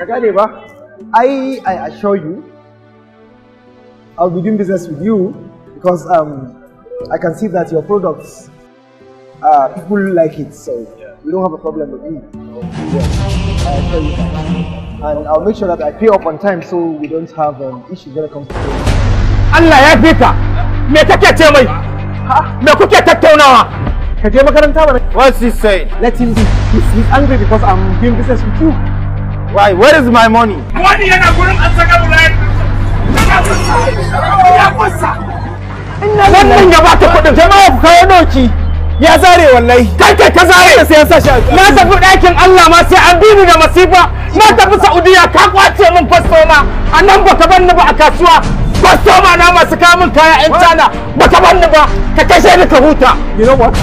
ka gane ba i i assure you i'll be doing business with you because um i can see that your products uh, people like it so yeah. we don't have a problem with you yeah. i assure you that and i'll make sure that i pay up on time so we don't have um, issues when it comes to payment Allah ya fi ka me kake ce mai me kuke tattaunawa ka je makaranta ba what is he saying let him be he's, he's angry because i'm doing business with you Why? Where is my money? Money yana gurin an saka Ibrahim. Ya bata kuɗin jama'a ku kawo doki. Ya zare wallahi. Kai kai ka zare. Na tafi ɗakin Allah ma sai an bi da masifa. Na tafi Saudiya ka kwace min fastoma. A nan baka ba a kasuwa. Fastoma na masu kamun kaya in China. Baka ba. Ka kashe ni ka huta. You know what?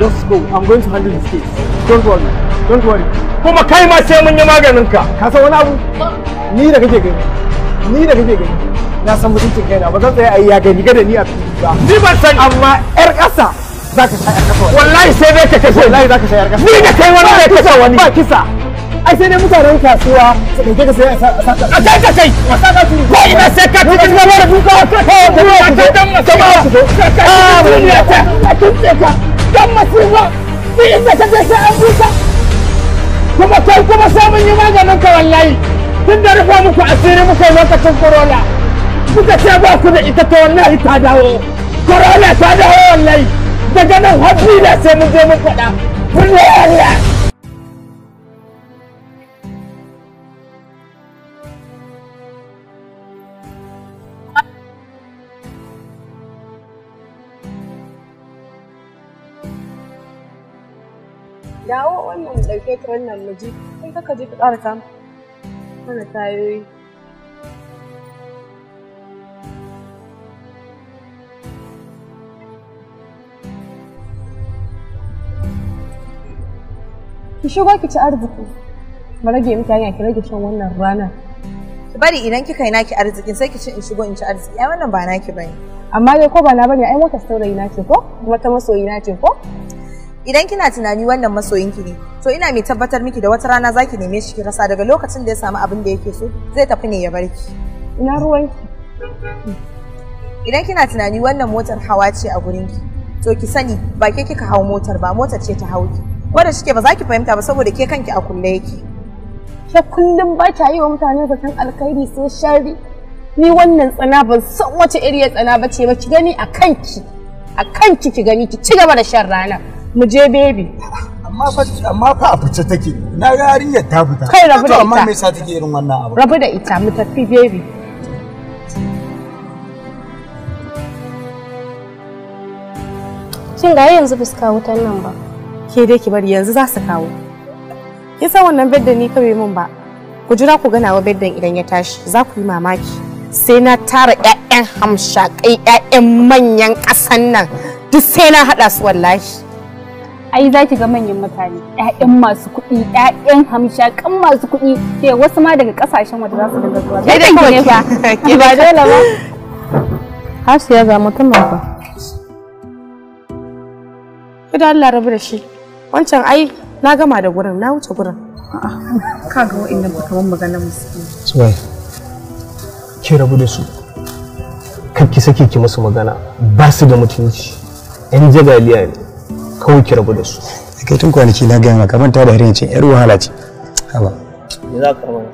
Let's go. I'm going to handle this case. Don't worry. don't worry kuma kai ma sai mun yi maganin ka ka san wani abu ni da kake gani ni da kake gani na san mutuncin kaina ba zan tsaya a yi ya gani gada ni a cikin ba ni ban san amma yar ƙasa za ka sha yar ƙasa wallahi sai dai ka kashe wallahi za ka sha yar ƙasa ni da kai wani zai kashe wani ba kisa ai sai dai mutanen kasuwa su ɗauke ka sai a kai ka kai ko ina sai ka kai ka ka duka ka kai ka kai ka masima ka kai ka ta ka tunce ka dan ka sai ka kai ka ka kuma kai kuma sai mun yi maganin ka wallahi tun da rufe muku asiri muka lokacin corona kuka ce ba ku da ita ta wallahi ta dawo corona ta dawo wallahi daga nan har da sai mun je mun faɗa Allah dawo wannan ɗauke ta wannan miji kai kaka je ka ƙara kama mana tayoyi ki shigo ki ci arziki ba rage miki hanya ki rage shan wannan rana. ki bari idan kika yi naki arzikin sai ki ci in shigo in ci arziki ai wannan ba naki bane amma dai ko ba na bane ai motar saurayi na ce ko kuma ta masoyi na ce ko idan kina tunani wannan masoyinki ne to ina mai tabbatar miki da wata rana zaki neme shi ki rasa daga lokacin da ya samu abin da yake so zai tafi ne ya bar ki ina idan kina tunani wannan motar hawa ce a gurin ki to ki sani ba ke kika hau motar ba motar ce ta hau ki ko da shike ba za ki fahimta ba saboda ke kanki a kulle yake ke kullum ba ta yi wa mutane san alkhairi sai shari ni wannan tsana ban san wace iriyar tsana ba ce ba ki gani a kanki a kanki ki gani ki ci gaba da shan ranar mu je baby amma fa amma fa a fice take na ga ta fita kai rabu da ita amma me yasa take irin wannan abu rabu da ita mu tafi baby shin ga yanzu ba su kawo wutan nan ba ke dai ki bari yanzu za su kawo kin san wannan bedda ni kawai mun ba ku jira ku ganawa beddan idan ya tashi za ku yi mamaki sai na tara ƴaƴan hamshaƙai ƴaƴan manyan ƙasan nan duk sai na haɗa su wallahi ai za ki ga manyan mutane ya'yan masu kuɗi hamsha kan masu kuɗi ke wasu ma daga ƙasashen waje za su dinga zuwa ke da ya fa ba ba hasiya ga Allah rabu da shi wancan ai na gama da gurin na wuce gurin ka ga wa'annan ba kamar magana musu suwai ki rabu da su kar ki sake ki musu magana ba su da mutunci 'yan jagaliya ne kawai ki rabu da su kai tun kwanaki na gaya maka manta da harin cin yar wahala ce haba me za ka rabu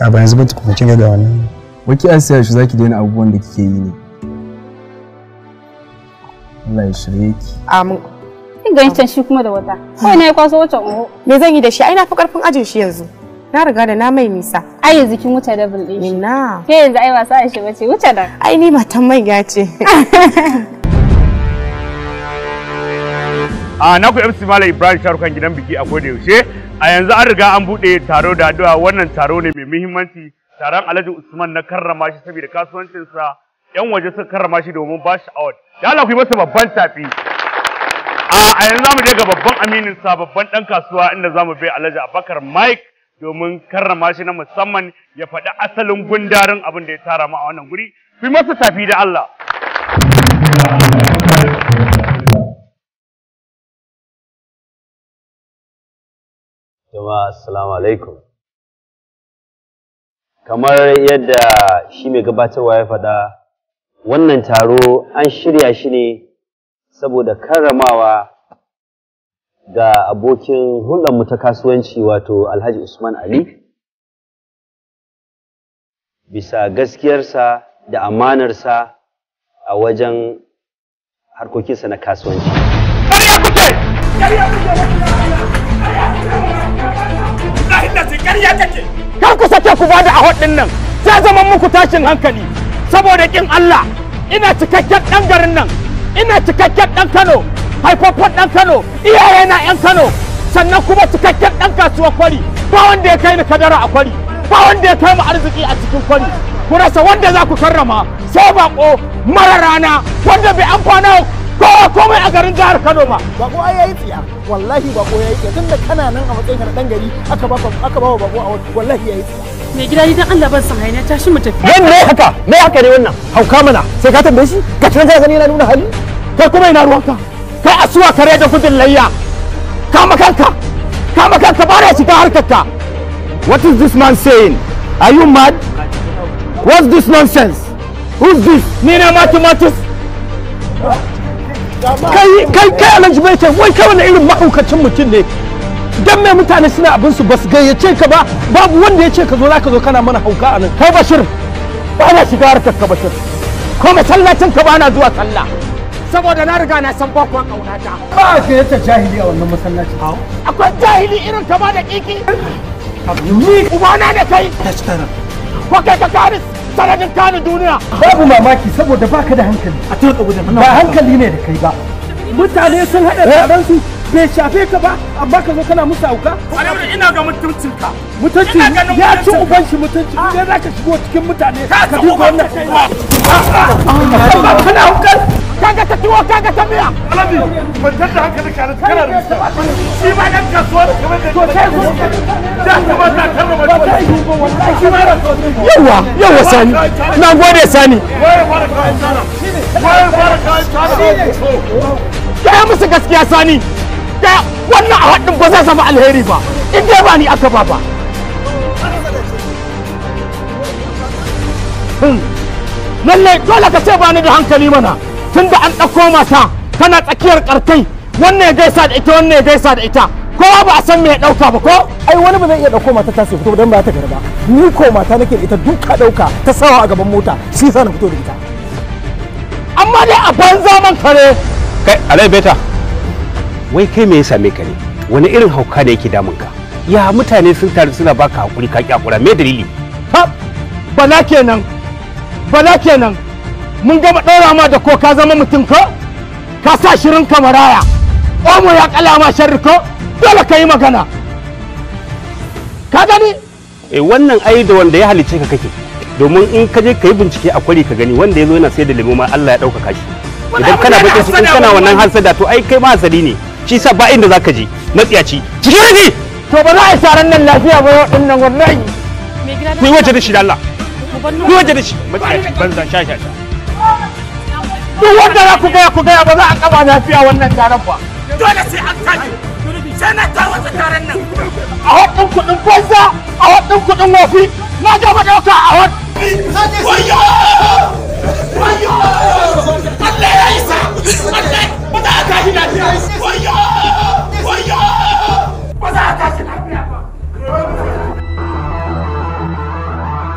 a ba yanzu ba tukuna kin ga wannan waki an siya shi zaki daina abubuwan da kike yi ne Allah ya shirye ki amin kin ganin can shi kuma da wata kai na yi kwaso wancan oho me zan yi da shi ai na fi karfin ajin shi yanzu na riga da na mai nisa ai yanzu kin wuce da bulɗe shi na ke yanzu ai wasa a shi bace wuce da ai ni matan mai gace a na ku fc malam ibrahim sharukan gidan biki a koda yaushe a yanzu an riga an buɗe taro da addu'a wannan taro ne mai muhimmanci taron alhaji usman na karrama shi saboda sa yan waje suka karrama shi domin ba shi award da Allah ku yi masa babban tafi a yanzu zamu je ga babban aminin sa babban dan kasuwa inda zamu bai alhaji abakar mike domin karrama shi na musamman ya faɗi asalin gundarin abin da ya tara mu a wannan guri ku yi masa tafi da Allah jama'a assalamu alaikum kamar yadda shi mai gabatarwa ya faɗa wannan taro an shirya shi ne saboda karramawa ga abokin hulɗarmu ta kasuwanci wato alhaji usman ali bisa gaskiyarsa da amanarsa a wajen harkokinsa na kasuwanci. Ibrahim da Kar ku sake ku bada ahod ɗin nan. Sai zaman muku tashin hankali. Saboda kin Allah ina cikakken ɗan garin nan. Ina cikakken ɗan Kano. Haifaffen ɗan Kano. Iyaye na yan Kano. Sannan kuma cikakken ɗan kasuwar kwari. Ba wanda ya kai ni kadara a kwari. Ba wanda ya kai mu arziki a cikin kwari. Ku rasa wanda za ku karrama. Sai bako mara rana wanda bai amfana kowa komai a garin jihar Kano ma Bako ai yayi tsiya. Wallahi bako yayi tsiya tunda kana nan a matsayin na dan gari aka ba aka ba bako a wallahi yayi tsiya. me gida ni dan Allah ban san haina tashi mu tafi. Yan ne haka? Me haka ne wannan? Hauka mana. Sai ka tambaye shi? Ka tana gani yana nuna hali? Kai kuma ina ruwanka? Kai asuwa kare da kudin layya. Kama kanka. Kama kanka ba ya shiga harkarka. What is this man saying? Are you mad? What's this nonsense? Who's this? Nina Mathematics? kai kai kai alhaji bai ce wai kai wani irin mahaukacin mutum ne dan mai mutane suna abin su basu gayyace ka ba babu wanda ya ce ka zo zaka zo kana mana hauka a nan kai bashir ba na shiga harkar ka bashir ko masallacin ka ba na zuwa sallah saboda na riga na san bakon kaunata ba ka yace jahili a wannan masallaci akwai jahili irin ka ba da kiki ni ubana da kai tashi ko kai ka karis sanadin kanin duniya babu mamaki saboda baka da hankali a turka gudun ba hankali ne da kai ba mutane sun hada eh? taron su bai shafe ka ba amma ka zo kana musu auka alhamdu ina ga mutuncin ka mutuncin ya ci uban shi mutuncin. Ah. idan za ka shigo cikin mutane ka duba wannan ah, ah. kana hukar kaga ta tuwo kaga ta miya alabi kwantar da hankalin kana shi ma da da ta shi ma da yawa yawa sani na gode sani waye tsara waye tsara ya musu gaskiya sani da wannan a haɗin ba zai zama alheri ba in dai ba ni aka ba ba hmm. lallai dole ka ce ba ni da hankali mana tunda an ɗauko mata tana tsakiyar karkai wannan ya gaisa da ita wannan ya gaisa da ita kowa ba a san me ya dauka ba ko ai wani ba zai iya dauko mata ta fito dan ba ta garba ni ko mata nake ita duka dauka ta sawa a gaban mota shi yasa na fito da ita amma dai a banza man kare kai alai beta wai kai me ya same ka ne wani irin hauka ne yake damun ka ya mutane sun taru suna baka hakuri ka kyakura me dalili ha bala kenan bala kenan mun gama ɗora ma da ko ka zama mutum ko ka sa shirin kamaraya omo ya kala ma sharri ko dole ka yi magana ka gani eh wannan ai da wanda ya halice ka kake domin in ka je ka yi bincike a kwari ka gani wanda ya zo yana sai da lemo ma Allah ya dauka shi idan kana bakin su kana wannan hasada to ai kai ma hasadi ne shi sa ba inda zaka je ci cikin ni to ba za a yi saran nan lafiya ba yau din nan wallahi ku yi waje da shi da Allah ku yi waje da shi banza sha sha sha duk wanda za ku gaya ku gaya ba za a kaba lafiya wannan taron ba dole sai an kaji sai na taron nan a hotun kudin kwanza a hotun kudin wafi na ga ba dauka a hot wayo wayo Allah ya isa Allah ba za a kaji lafiya wayo wayo ba za a kaji lafiya ba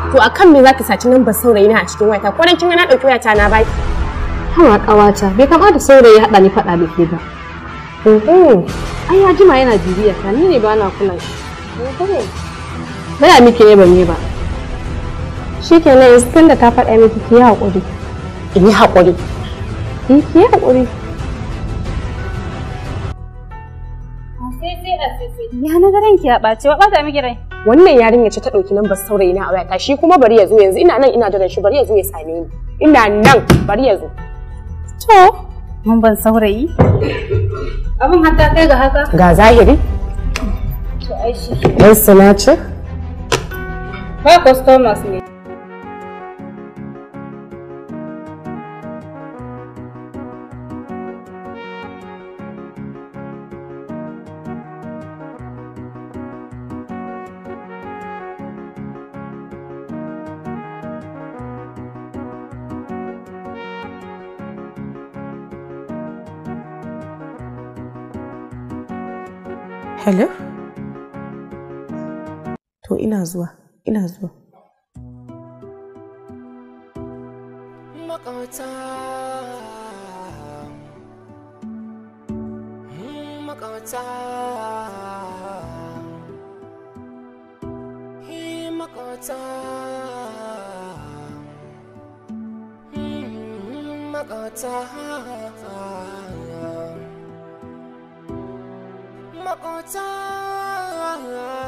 to a kan me ka saci nan ba saurayi na a cikin wayata ko dan kin ga na dauki wayata na baki hawa kawata, bai kamata saurayi haɗa ni faɗa da ke ba ai ya jima yana jiriya ta ni ne ba na kula shi baya miki ne ban yi ba shi kenan yanzu tun da ta faɗa miki ki yi haƙuri eh, Ki yi haƙuri ki yi haƙuri Ya na daren ki ya ɓace, wa ɓata miki rai. Wannan yarinya ce ta ɗauki lambar saurayi na a wayata shi kuma bari ya zo yanzu ina nan ina jiran shi bari ya zo ya same ni. Ina nan bari ya zo. To, mun ban saurayi. Abin hatta kai ga haka. Ga zahiri? To ai shi. Mai suna ce? Ba customers ne. hello to ina zuwa ina zuwa makauta makauta makauta makauta on die.